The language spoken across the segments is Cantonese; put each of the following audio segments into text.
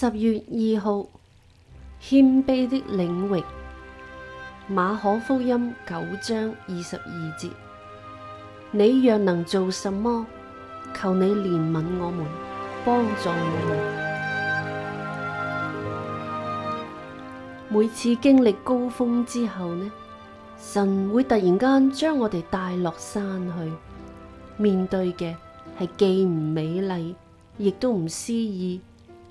十月二號，謙卑的領域，馬可福音九章二十二節。你若能做什麼，求你憐憫我們，幫助我們。每次經歷高峰之後呢，神會突然間將我哋帶落山去，面對嘅係既唔美麗，亦都唔詩意。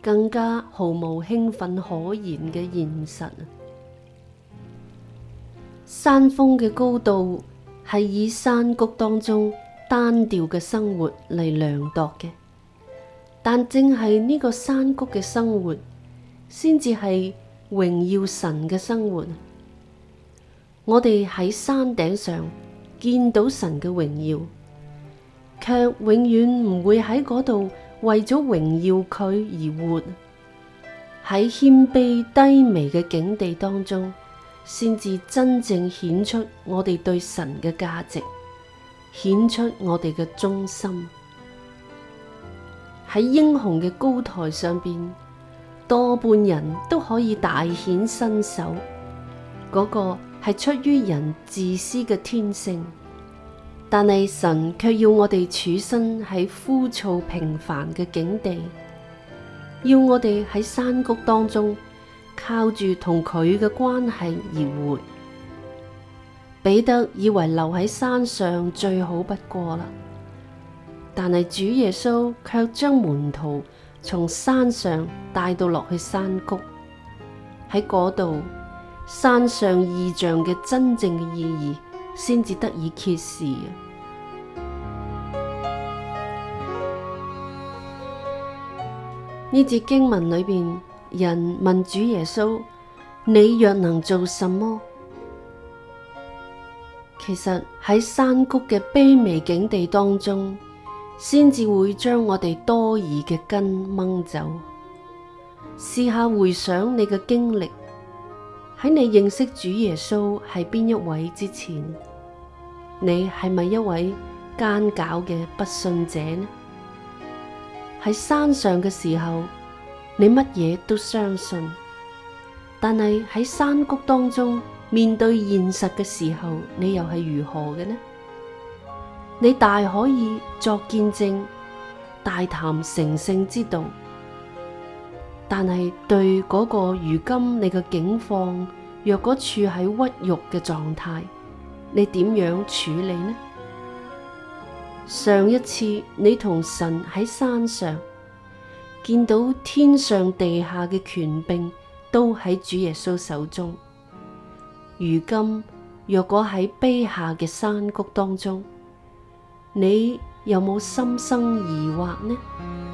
更加毫無興奮可言嘅現實。山峰嘅高度係以山谷當中單調嘅生活嚟量度嘅，但正係呢個山谷嘅生活，先至係榮耀神嘅生活。我哋喺山頂上見到神嘅榮耀，卻永遠唔會喺嗰度，為咗榮耀佢而活，喺謙卑低微嘅境地當中，先至真正顯出我哋對神嘅價值，顯出我哋嘅忠心。喺英雄嘅高台上邊，多半人都可以大顯身手，嗰個係出於人自私嘅天性。但係神卻要我哋處身喺枯燥平凡嘅境地，要我哋喺山谷當中靠住同佢嘅關係而活。彼得以為留喺山上最好不過啦，但係主耶穌卻將門徒從山上帶到落去山谷，喺嗰度山上異象嘅真正嘅意義先至得以揭示啊！呢節經文裏邊，人問主耶穌，你若能做什麼？其實喺山谷嘅卑微境地當中，先至會將我哋多疑嘅根掹走。試下回想你嘅經歷，喺你認識主耶穌係邊一位之前，你係咪一位奸狡嘅不信者呢？喺山上嘅時候，你乜嘢都相信，但係喺山谷當中面對現實嘅時候，你又係如何嘅呢？你大可以作見證，大談成聖之道，但係對嗰個如今你嘅境況，若果處喺屈辱嘅狀態。你點樣處理呢？上一次你同神喺山上見到天上地下嘅權柄都喺主耶穌手中，如今若果喺卑下嘅山谷當中，你有冇心生疑惑呢？